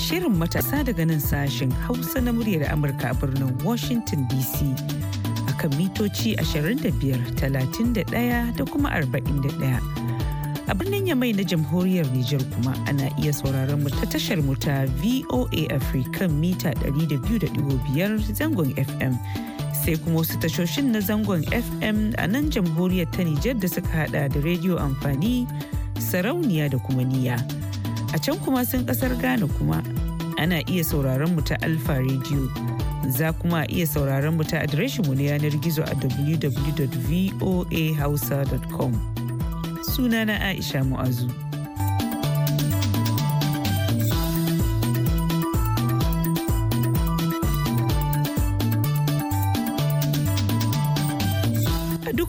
Shirin matasa daga nan sashen Hausa na muryar Amurka a birnin Washington DC. Akan mitoci 25, 31 da kuma 41. a birnin yamai na jamhuriyar Nijar kuma ana iya sauraron mu ta tashar mu ta VOA Afirka mita 200.5 zangon FM. Sai kuma wasu tashoshin na zangon FM a nan jamhuriyar ta Nijar da suka hada da rediyo amfani, sarauniya da kuma niyya. a can kuma sun kasar Ghana kuma ana iya sauraron mu ta Alfa Radio. Za kuma a iya sauraron mu ta adireshin mu na yanar gizo a www.voahausa.com. Sunana Aisha Mu'azu.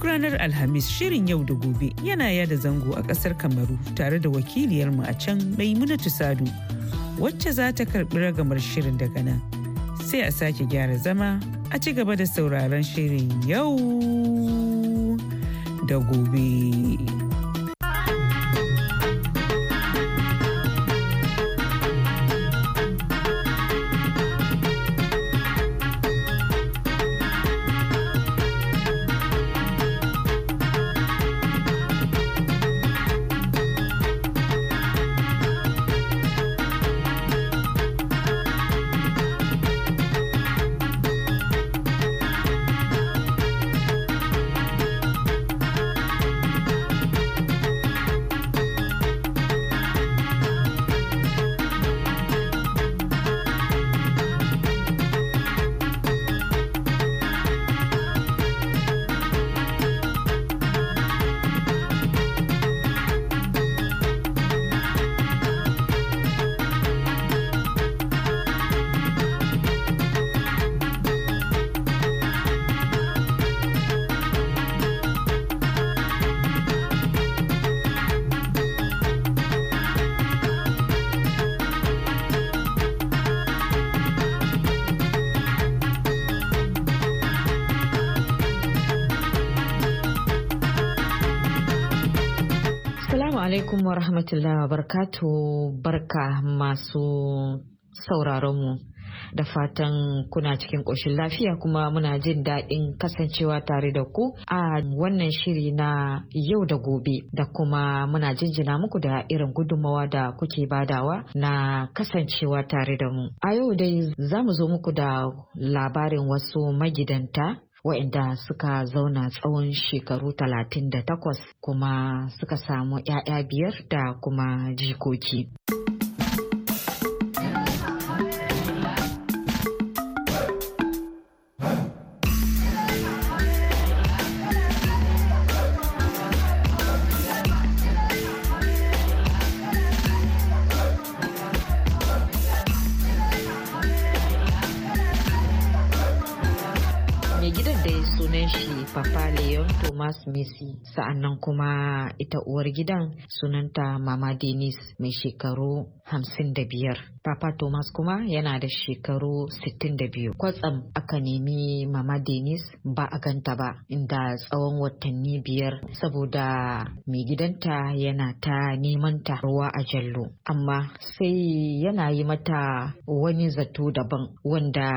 Duk ranar Alhamis shirin yau da gobe yana yada zango a ƙasar Kamaru tare da wakiliyarmu a can Maimunatu Sadu wacce za ta karɓi ragamar shirin daga nan. Sai a sake gyara zama a ci gaba da sauraron shirin yau da gobe. alaikum wa rahmatullah barkatu barka masu sauraron mu. da fatan kuna cikin ƙoshin lafiya kuma muna jin daɗin kasancewa tare da ku a wannan shiri na yau da gobe da kuma muna jinjina muku da irin gudummawa da kuke badawa na kasancewa tare da mu. A yau dai za mu zo muku da labarin wasu magidanta waɗanda suka zauna tsawon shekaru talatin da takwas kuma suka samu ‘ya'ya biyar da kuma jikoki. Papa Leon Thomas Messi sa'annan kuma ita uwar gidan sunanta Mama Denise mai shekaru 55. Papa Thomas kuma yana da shekaru 62. Kwatsam aka nemi Mama Denise ba a ganta ba inda tsawon watanni biyar saboda mai gidanta yana ta neman ta ruwa a jallo. Amma sai yana yi mata wani zato daban wanda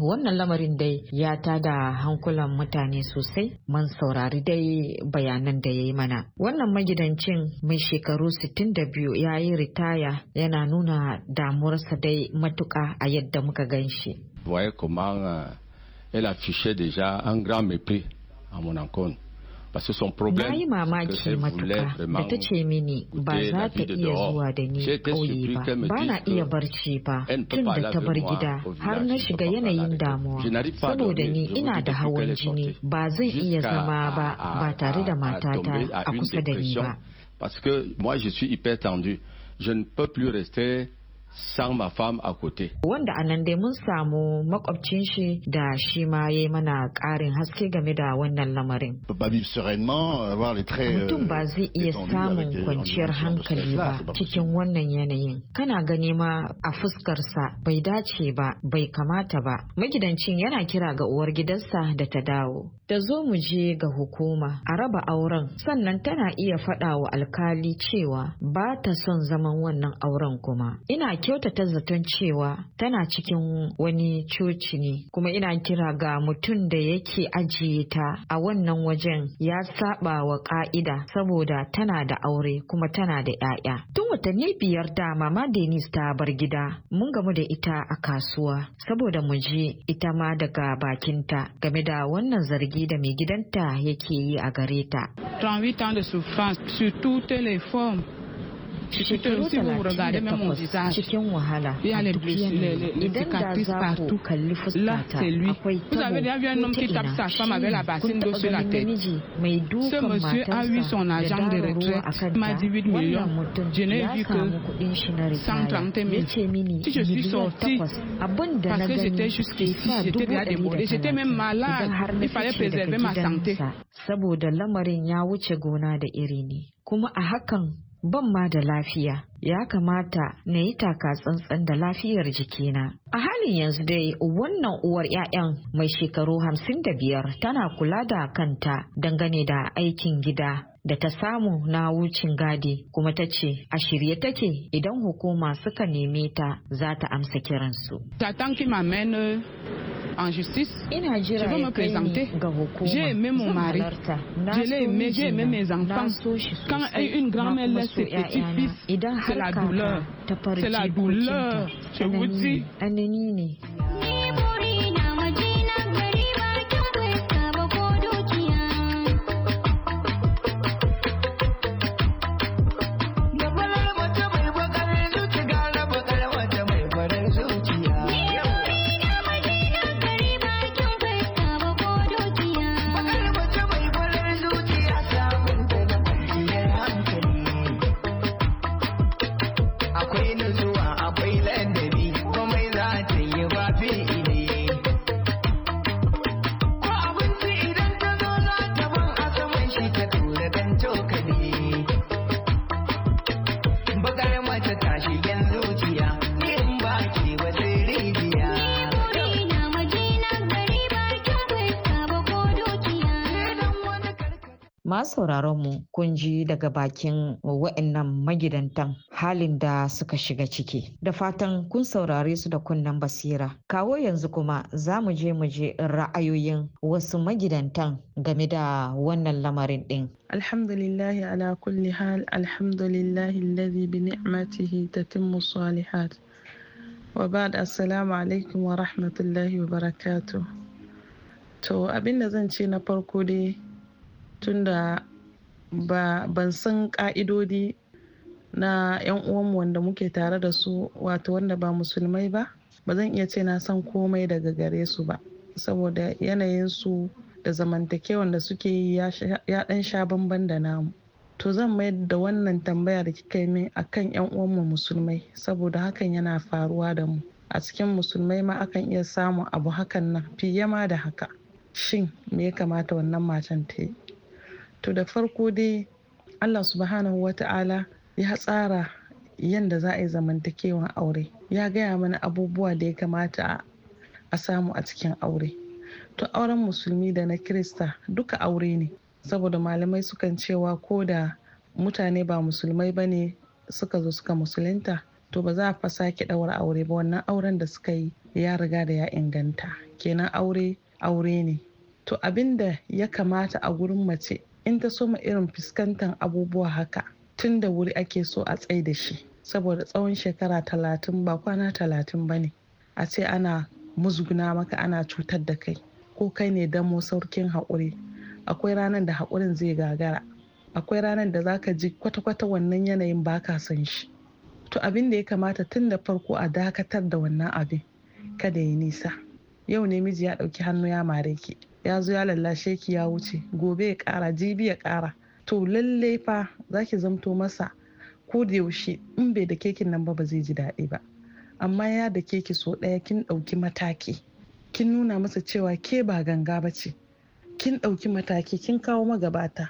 wannan lamarin dai ya tada hankulan mutane sosai man saurari dai bayanan da ya yi mana wannan magidancin mai shekaru 62 ya yi ritaya yana nuna damuwarsa dai matuka a yadda muka gan shi voyez comment euh, elle affichait déjà un grand mépris à Na yi mamaki matuka da ta ce mini ba za ta iya zuwa da ni ƙauye ba, ba na iya barci ba tun da ta bar gida har na shiga yanayin damuwa. Saboda ni ina da hawan jini ba zan iya zama ba ba tare da matata a kusa da ni ba. Parce que moi je suis hyper tendu, je ne peux plus rester sang farm a kote. Wanda anan dai mun samu makwabcin shi da shi ma ya mana ƙarin haske game da wannan lamarin. Mutum ba euh, zai iya samun euh, kwanciyar hankali ba cikin wannan yanayin. Kana gani ma a fuskarsa bai dace ba bai kamata ba. Magidancin yana kira ga uwar gidansa da ta dawo. Da zo mu je ga hukuma a raba auren sannan tana iya faɗa wa alkali cewa ba ta son zaman wannan auren kuma. Ina ta zaton cewa tana cikin wani coci ne kuma ina kira ga mutum da yake ajiye ta a wannan wajen ya saba wa ka'ida saboda tana da aure kuma tana da 'ya'ya. Tun watanni biyar da mama Denise ta bar gida mun gamu da ita a kasuwa saboda mu je ita ma daga bakinta game da wannan zargi da mai gidanta yake yi a gare ta. shekaru 38 cikin wahala a duk yanayi idan da za ku kalli fuskata akwai tabo ko ina shi ne kun taɓa ganin namiji mai dukan matarsa da dararuwa a kanta wannan mutum ya samu kuɗin shi na ritaya ya ce mini miliyan takwas abin da na gani ke sa dubu ɗari da talatin idan har na fice daga gidansa saboda lamarin ya wuce gona da iri ne kuma a hakan ban ma da lafiya ya kamata na yi taka tsantsan da lafiyar jikina. A halin yanzu dai wannan uwar 'ya'yan mai shekaru hamsin da biyar tana kula da kanta dangane da aikin gida da ta samu na wucin gadi kuma ta ce a shirye take idan hukuma suka neme ta za ta amsa kiransu. en justice. Je veux me présenter. J'ai aimé mon mari. Je l'ai aimé, j'ai aimé mes enfants. Quand une grand-mère laisse ses petits-fils, c'est la douleur. C'est la douleur. Je vous dis. masu sauraron mu kun ji daga bakin wa'annan magidantan halin da suka shiga ciki. Da fatan kun saurare su da kunnen basira. Kawo yanzu kuma za mu je mu je ra'ayoyin wasu magidantan game da wannan lamarin ɗin. Alhamdulillahi ala kulli hal, alhamdulillahi alladhi bi ni'matihi tatimmu salihat. wa ba'd assalamu alaikum wa rahmatullahi wa barakatuh to abinda zan ce na farko dai tunda ba ban san ka'idodi na 'yan uwanmu wanda muke tare da su wato wanda ba musulmai ba ba zan iya ce na san komai daga gare su ba saboda yanayin su da zamantakewan da suke yi ya dan sha bamban da namu to zan mai da wannan tambaya da kika yi min akan 'yan uwanmu musulmai saboda hakan yana faruwa da mu a cikin musulmai ma akan iya samun abu hakan nan fiye ma da haka shin me ya kamata wannan matan ta yi to da farko dai allah subhanahu wa ta'ala ya tsara yadda za a yi zamantakewan aure ya gaya mana abubuwa da ya kamata a samu a cikin aure to auren musulmi da na kirista duka aure ne saboda malamai sukan cewa ko da mutane ba musulmai ba ne suka zo suka musulunta to ba za a fa sake ɗaura aure ba wannan auren da suka yi ya riga da ya inganta kenan aure aure ne to abin da ya kamata a gurin mace in ta soma irin fuskantar abubuwa haka tun da wuri ake so a tsai da shi saboda tsawon shekara talatin ba kwana talatin ba ne a ce ana muzguna maka ana cutar da kai ko kai ne damo saukin haƙuri akwai ranar da haƙurin zai gagara akwai ranar da za ka ji kwata-kwata wannan yanayin ba ka son shi to abin da ya kamata tun da farko a dakatar da wannan abin kada ya nisa yau ne miji ya ɗauki hannu ya mare ki ya zo ya lallashe ki ya wuce gobe ya kara jibi ya kara to lallai fa zaki zamto masa ko da yaushe in bai da kekin nan ba ba zai ji daɗi ba amma ya da keki so ɗaya kin ɗauki mataki kin nuna masa cewa ke ba ganga ba ce kin ɗauki mataki kin kawo magabata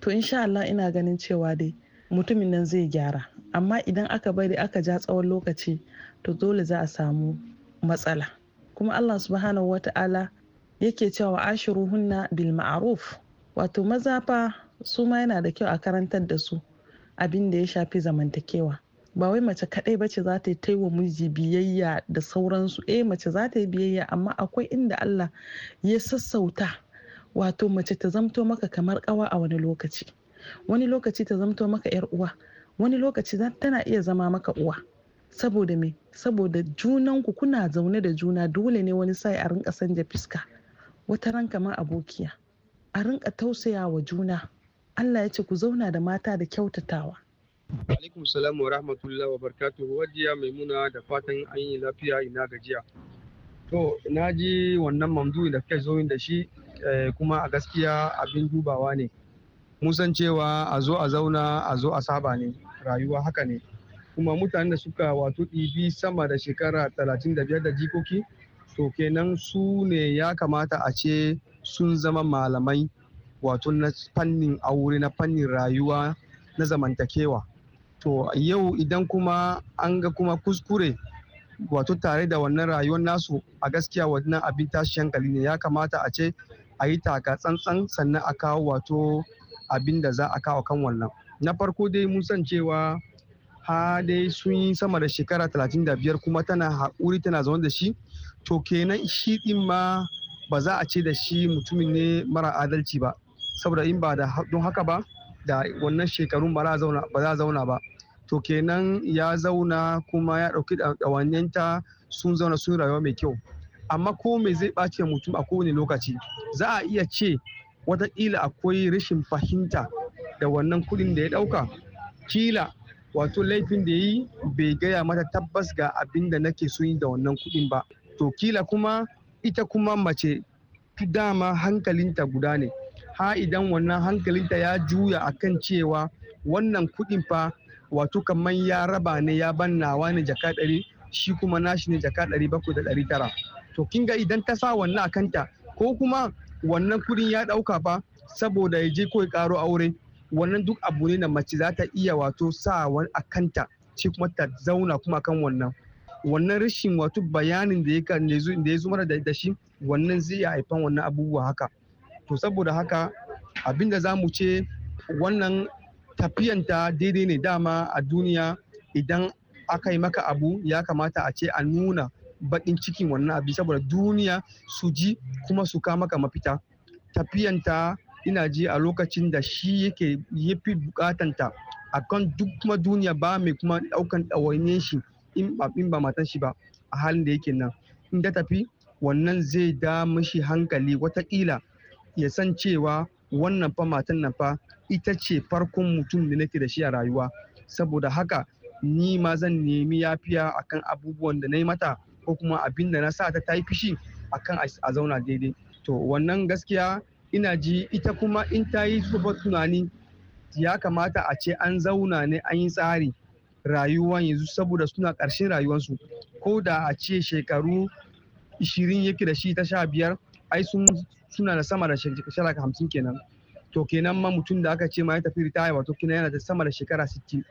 to insha Allah ina ganin cewa dai mutumin nan zai gyara amma idan aka bari aka ja tsawon lokaci to dole za a samu matsala kuma Allah subhanahu wata'ala yake cewa ashiruhunna bil ma'ruf wato maza fa su ma yana da kyau a karantar da su abin da ya shafi zamantakewa ba wai mace kadai ba ce za ta yi wa miji biyayya da sauransu eh mace za ta yi biyayya amma akwai inda Allah ya sassauta wato mace ta zamto maka kamar kawa a wani lokaci wani lokaci ta zamto maka yar uwa wani lokaci tana iya zama maka uwa saboda me saboda junanku kuna zaune da juna dole ne wani sai a rinka sanja fiska wata ran kamar abokiya a rinka tausaya wa juna Allah ya ce ku zauna da mata da kyautatawa alaikum salamu wa rahmatullahi wa barakatuhu wajiya maimuna da fatan an yi lafiya ina gajiya to na ji wannan mamdu da kai zo da shi eh, kuma a gaskiya abin dubawa ne musan cewa a zo a zauna a zo a saba ne rayuwa haka ne kuma mutanen da suka wato ɗibi sama da shekara 35 da jikoki to kenan su ne ya kamata a ce sun zama malamai wato na fannin aure na fannin rayuwa na zamantakewa to yau idan kuma an ga kuma kuskure wato tare da wannan rayuwar nasu a gaskiya wannan abin tashi hankali ne ya kamata a ce a yi taka tsantsan sannan a kawo wato abin da za a kawo kan wannan na farko dai mun san cewa ha dai sun yi sama da shekara 35 kuma tana haƙuri tana zaune da shi to kenan shi din ma ba za a ce da shi mutumin ne mara adalci ba saboda in ba da don haka ba da wannan shekarun ba za a zauna ba to kenan ya zauna kuma ya ɗauki ɗawanyanta sun zauna sun rayuwa mai kyau amma ko mai zai ɓace mutum a kowane lokaci za a iya ce wataƙila akwai rashin fahimta da wannan kuɗin da ya ɗauka kila wato laifin da ya yi bai gaya mata tabbas ga abin da nake so yi da wannan kuɗin ba to kila kuma ita kuma mace dama hankalinta guda ne ha idan wannan hankalinta ya juya akan cewa wannan kuɗin fa wato kamar ya raba ne ya ban nawa ne jaka ɗari shi kuma nashi ne jaka ɗari bakwai da ɗari tara to kin ga idan ta sa wannan a ko kuma wannan kuɗin ya ɗauka fa saboda ya je ko ya ƙaro aure wannan duk abu ne na mace za ta iya wato sa a kanta shi kuma ta zauna kuma kan wannan wannan rashin wato bayanin da ya zo da shi wannan zai ya haifan wannan abubuwa haka to saboda haka abinda za mu ce wannan tafiyanta daidai ne dama a duniya idan aka yi maka abu ya kamata a ce a nuna baƙin cikin wannan abu saboda duniya su ji kuma su kama maka mafita tafiyanta ina ji a lokacin da shi yake yafi bukatanta akan duk kuma duniya ba mai kuma daukan ɗawainiyar shi in ba matan shi ba a halin da yake nan in da tafi wannan zai da mishi hankali watakila ya san cewa wannan fa matan nan fa ita ce farkon mutum da nake da shi a rayuwa saboda haka ni ma zan nemi yafiya akan abubuwan da na yi mata ko kuma abin da na sa ta yi fishi akan a zauna daidai to wannan gaskiya ina ji ita kuma in ta yi tunani ya kamata a ce an zauna ne an yi tsari rayuwan yanzu saboda suna ƙarshen rayuwansu ko da a ce shekaru 20 yake da shi ta sha biyar ai sun suna da sama da shekara hamsin kenan to kenan ma mutum da aka ce ma ya tafi ritaya wato kenan yana da sama da shekara 60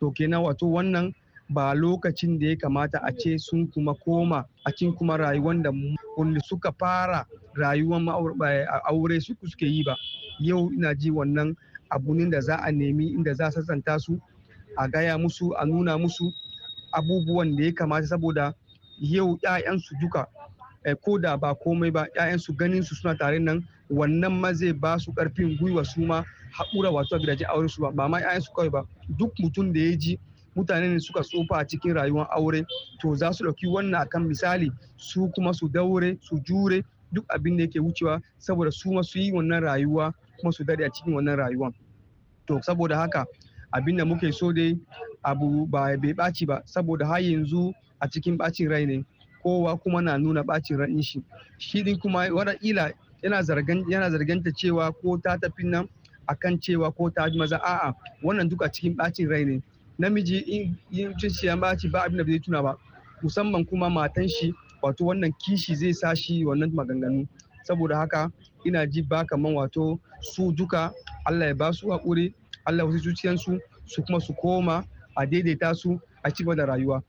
to kenan wato wannan ba lokacin da ya kamata a ce sun kuma koma a cikin kuma rayuwan da wanda suka fara rayuwan aure suke yi ba yau ina ji wannan abunin da za a nemi inda za a sassanta su a gaya musu a nuna musu abubuwan da ya kamata saboda yau 'ya'yansu duka eh, ko da ba komai ba 'ya'yansu ganin su suna tare nan wannan ma zai ba su ƙarfin gwiwa su ma haƙura wato a gidaje auren su ba ba ma 'ya'yansu kawai ba duk mutum da ya ji mutane ne suka tsufa a cikin rayuwar aure to za su ɗauki wannan akan misali su kuma su daure su jure duk abin da yake wucewa saboda su ma su yi wannan rayuwa kuma su daɗe a cikin wannan rayuwa to saboda haka abinda muke so dai abu ba bai ɓaci ba saboda har yanzu a cikin ɓacin rai ne kowa kuma na nuna ɓacin ranin shi shi din kuma ila yana zargan yana zarganta cewa ko ta tafi nan akan cewa ko ta maza a'a wannan duka cikin ɓacin rai ne namiji in yin zuciya ɓaci ba abin da zai tuna ba musamman kuma matan shi wato wannan kishi zai sa shi wannan maganganu saboda haka ina ji ba kaman wato su duka Allah ya ba su haƙuri Allah wasu zuciyansu su kuma su koma a daidaita su a cigaba da rayuwa.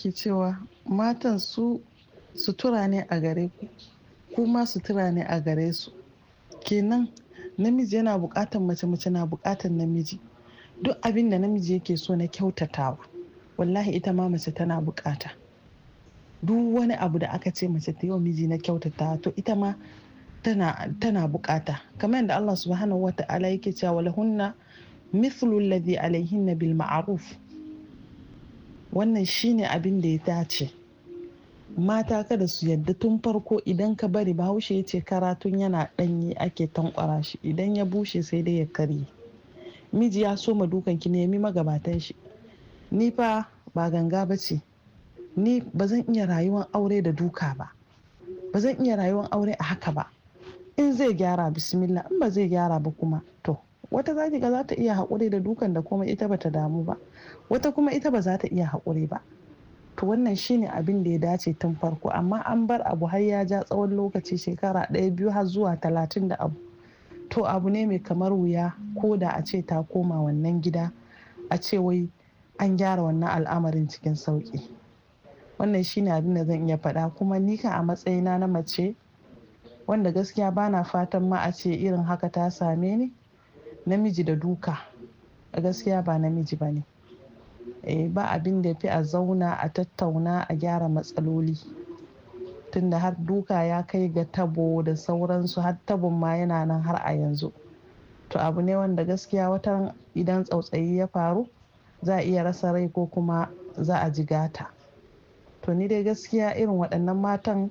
ke cewa matan su sutura ne a gare ku kuma sutura ne a gare su kenan namiji yana bukatan mace mace na bukatan namiji duk abin da namiji yake so na kyautatawa wallahi ita ma mace tana bukata duk wani abu da aka ce mace ta yi miji na kyautatawa to ita ma tana, tana bukata kamar yadda Allah subhanahu wa ta'ala yake cewa lahunna mithlu alladhi alaihinna bil ma'ruf wannan shine abin da ya dace mata kada su yadda tun farko idan ka bari bahaushe ya ce karatun yana ɗanye ake tankwara shi idan ya bushe sai dai ya karye miji ya soma dukan ki nemi magabatan shi ni fa ba ganga ba ce ni ba zan iya rayuwar aure da duka ba ba zan iya rayuwar aure a haka ba in zai gyara bismillah in ba zai gyara ba kuma to wata za ga za ta iya haƙuri da dukan da kuma ita bata damu ba wata kuma ita ba za ta iya haƙuri ba to wannan shine abin da ya dace tun farko amma an bar abu har ya ja tsawon lokaci shekara ɗaya biyu har zuwa talatin da abu to abu ne mai kamar wuya ko da a ce ta koma wannan gida a ce wai an gyara wannan al'amarin cikin sauƙi wannan shine abin da zan iya faɗa kuma nika a matsayina na mace wanda gaskiya bana fatan ma a ce irin haka ta same ni namiji da duka a gaskiya ba namiji ba ne eh, ba abin da fi a zauna a tattauna a gyara matsaloli tunda har duka ya kai ga tabo da sauransu har tabon ma yana nan har a yanzu to abu ne wanda gaskiya wata idan tsautsayi ya faru za a iya rasa rai ko kuma za a ji gata to ni dai gaskiya irin waɗannan matan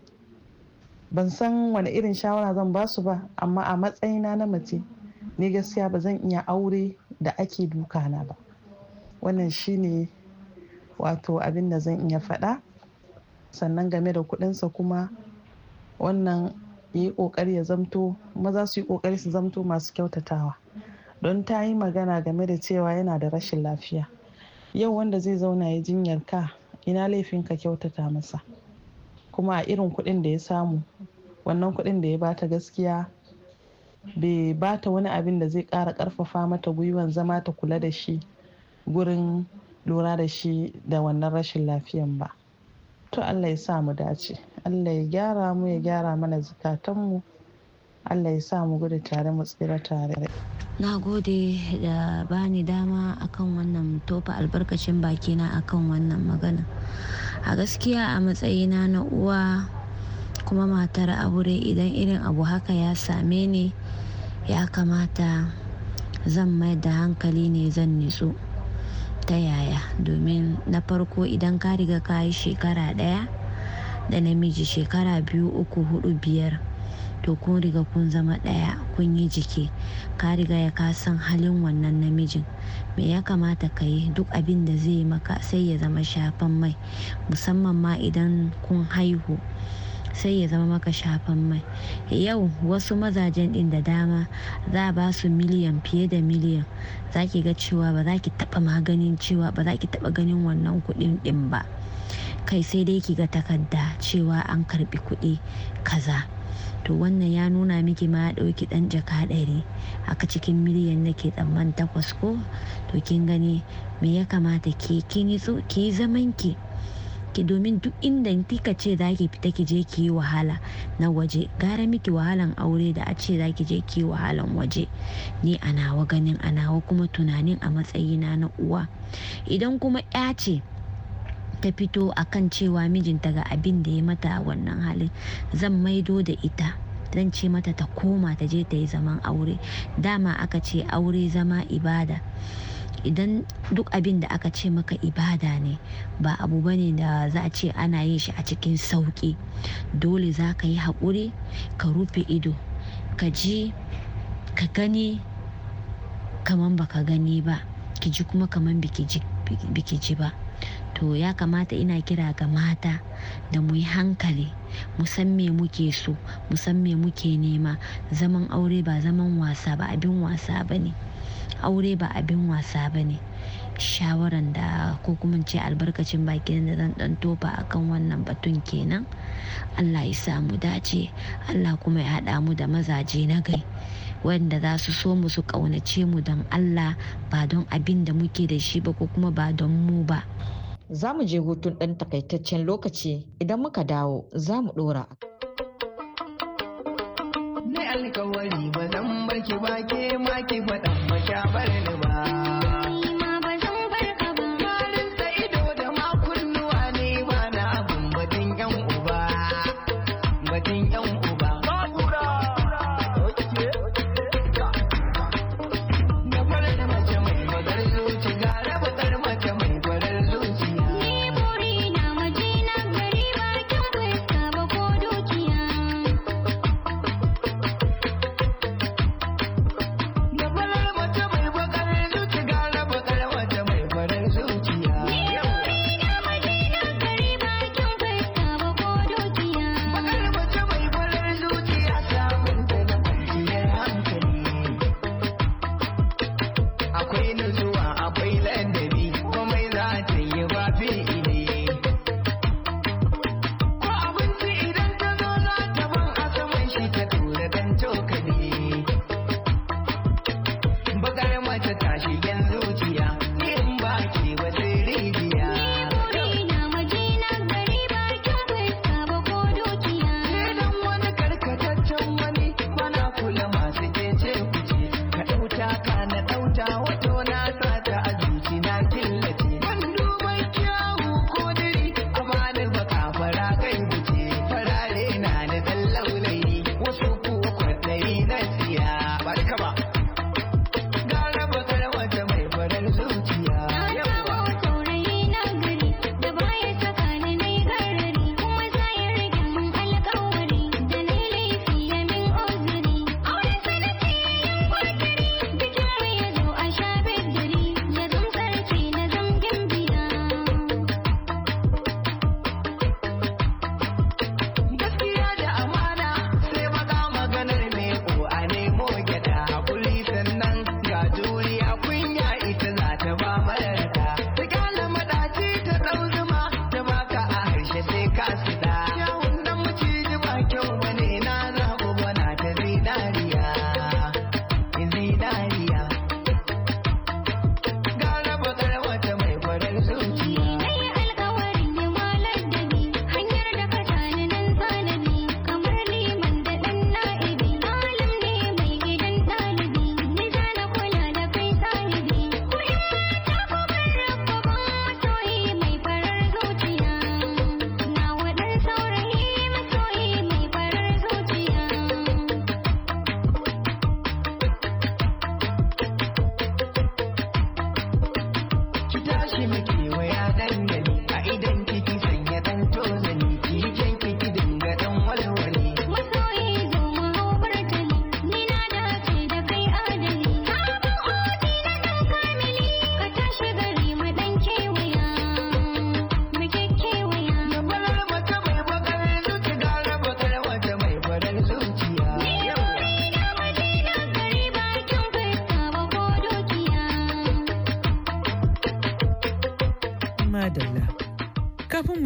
ban san wani irin shawara zan ba su ba amma a matsayina na mace ni gaskiya ba zan iya aure da ake duka na ba wannan shine wato abin da zan iya faɗa sannan game da kuɗinsa kuma wannan ya yi ƙoƙari ya zamto maza su yi ƙoƙari su zamto masu kyautatawa don ta yi magana game da cewa yana da rashin lafiya yau wanda zai zauna ya jinyar ka ina laifin ka kyautata masa kuma a irin kuɗin da ya samu wannan kuɗin da ya bata gaskiya bai bata wani abin da zai ƙara ƙarfafa mata gwiwan zama ta kula da shi gurin lura da shi da wannan rashin lafiyan ba to allah ya sa mu dace allah ya gyara mu ya gyara mana zukatanmu allah ya sa mu gudu tare mu tsira tare na gode da bani dama akan wannan tofa albarkacin bakina akan wannan magana a gaskiya a matsayina na uwa kuma matar aure idan irin abu haka ya same ni ya kamata zan mai da hankali ne zan nitsu ta yaya domin na farko idan ka riga ka yi shekara ɗaya da namiji shekara biyu uku hudu biyar to kun riga kun zama ɗaya kun yi jiki ka riga ya ka san halin wannan namijin me ya kamata ka yi duk abin da zai maka sai ya zama shafan mai musamman ma idan kun haihu sai ya zama maka shafan mai yau wasu mazajen din da dama za ba su miliyan fiye da miliyan za ki ga cewa ba za ki taba maganin cewa ba za ki taba ganin wannan kudin din ba kai sai dai ki ga takarda cewa an karbi kudi kaza to wannan ya nuna miki ma ya ɗauki ɗan jaka ɗari aka cikin miliyan nake tsamman takwas ko to kin gani me ya kamata ke ki yi ki zaman ki ki domin duk inda kika ce za ki fita ki je ki yi wahala na waje gara miki wahalan aure da a ce za ki je ki yi wahalan waje ni a nawa ganin a nawa kuma tunanin a matsayina na uwa idan kuma ya ce ta fito akan cewa mijinta ga abin da ya mata wannan halin zan maido da ita zan ce mata ta koma ta je ta yi zaman aure dama aka ce aure zama ibada idan duk abin da aka ce maka ibada ne ba abu ba da za a ce ana yin shi a cikin sauki dole za ka yi haƙuri ka rufe ido ka ji ka gani kaman ka gani ba ki ji kuma kaman biki ji ba to ya kamata ina kira ga mata da mu yi hankali mu me muke so mu me muke nema zaman aure ba zaman wasa ba abin wasa ba ne aure ba abin wasa ba ne shawaran da ko kuma ce albarkacin bakin da zan dan tofa akan wannan batun kenan allah ya samu dace allah kuma ya haɗa mu da mazaje na gai wanda za su so mu su ƙaunace mu don allah ba don abin da muke da shi ba ko kuma ba don mu ba za mu je hutun ɗan takaitaccen lokaci idan muka dawo za mu ɗora. Ne alkawari ki ba ke ma ki faɗan ma kya bar ni 再叹息间。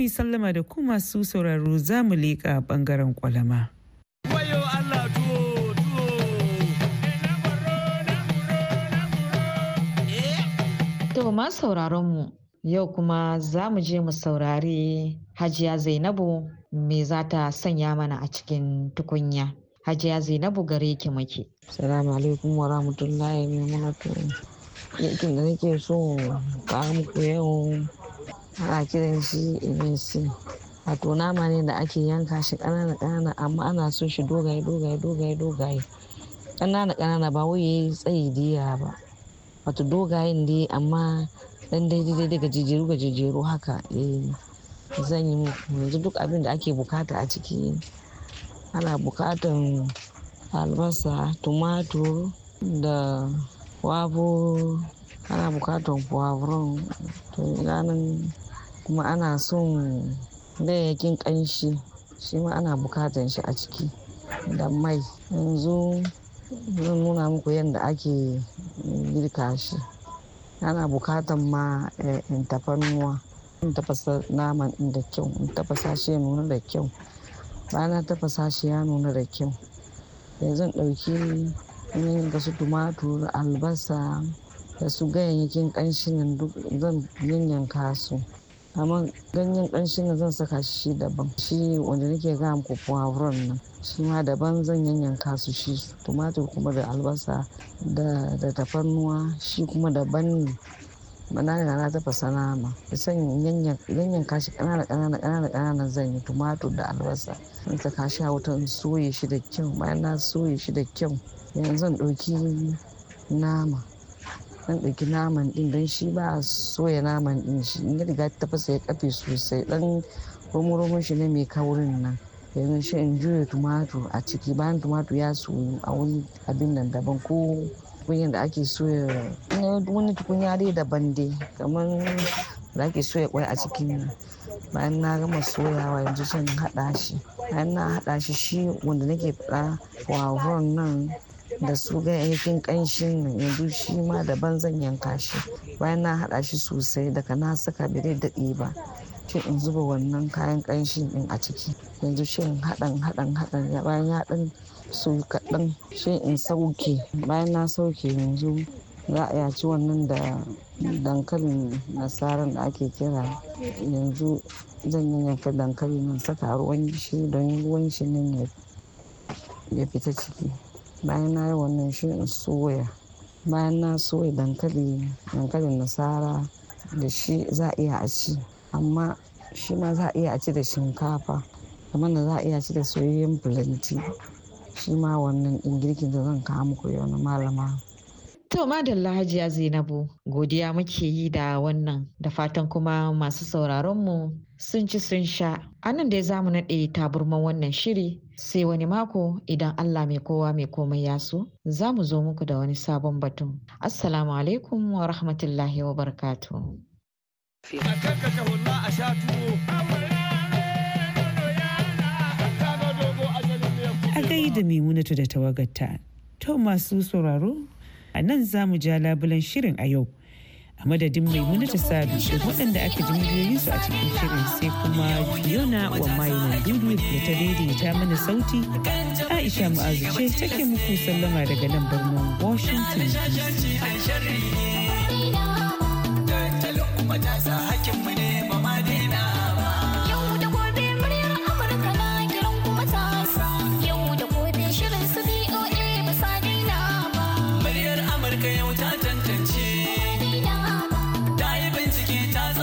mu sallama da ku masu sauraro za mu leƙa ɓangaren kwalama. To ma sauraron mu yau kuma za mu je mu saurari Hajiya Zainabu me za ta sanya mana a cikin tukunya. Hajiya Zainabu gare ki muke. Salamu alaikum wa rahmatullahi wa barakatuh. Yakin da nake so ka mu yau ana kiran shi emesi wato nama ne da ake yanka shi ƙanana ƙanana amma ana so shi dogaye dogaye dogaye dogaye ƙanana ƙanana ba wai yayi tsayi diya ba wato dogayen dai amma dan daidai daga ga jijiru haka zan yi yanzu duk abin da ake bukata a ciki ana bukatan albasa tumatur da wabo ana bukatan puwavuron to ranar kuma ana son gayyakin ƙanshi shi ma ana bukatan shi a ciki da mai yanzu zan nuna muku yadda ake girka shi ana bukatan ma eh, in tafarnuwa in tafasa naman da kyau in tafasa shi ya nuna da kyau na tafasa shi ya nuna da kyau yanzu ɗauki yin gasu tumatur albasa da su ganyayyakin ƙanshin nan duk zan yanyanka su amma ganyen ƙanshin zan saka shi daban shi wanda nake ga muku puwavron nan shi ma daban zan yanyanka su shi tumatur kuma da albasa da tafarnuwa shi kuma daban ne ga na tafasa nama da san yanyan kashi kanana kanana kanana kanana zan yi tumatur da albasa in saka shi a wutan soye shi da kyau bayan na soye shi da kyau yanzu zan ɗauki nama zan ɗauki naman ɗin don shi ba a soya naman ɗin shi in ya riga tafasa ya kafe sosai ɗan romo shi ne mai kaurin nan yanzu shi in juya tumatu a ciki bayan tumatu ya soyu a wani abin nan daban ko tukunyar da ake soya wani tukunya dai daban dai kamar da ake soya kwai a cikin bayan na gama soyawa yanzu shan haɗa shi bayan na haɗa shi shi wanda nake faɗa wavon nan da su ganyayyakin kanshin nan yanzu shi ma daban zan yanka shi bayan na haɗa shi sosai daga na saka bai daɗe ba sai in zuba wannan kayan kanshin din a ciki yanzu shi haɗan haɗan haɗan ya bayan ya ɗan su kaɗan shi in sauke bayan na sauke yanzu za a yaci wannan da dankalin nasarar da ake kira yanzu zan yanka dankalin nan saka ruwan shi don ruwan shi nan ya fita ciki bayan na yi wannan shi soya bayan na soya dankali dankalin nasara da shi za a iya a ci amma shi ma za a iya a ci da shinkafa kamar da za a iya ci da soyayyen bulanti shi ma wannan in girkin da zan kawo muku yau na malama To madalla lahajiya Zainabu godiya muke yi da wannan da fatan kuma masu sauraronmu sun ci sun sha. anan nan dai zamu mu naɗe taburman wannan shiri sai wani mako idan Allah mai kowa mai komai ya so za mu zo muku da wani sabon batun. Assalamu alaikum wa rahmatullahi wa barakatu. A da mimunatu da tawagarta, to masu sauraro, a nan za mu ja labulen shirin a yau. a madadin maimuna ta sadu da waɗanda aka ji su a cikin shirin sai kuma fiona wa mayinan dudu da ta daidaita mana sauti aisha mu'azu ce take muku sallama daga nan birnin washington dc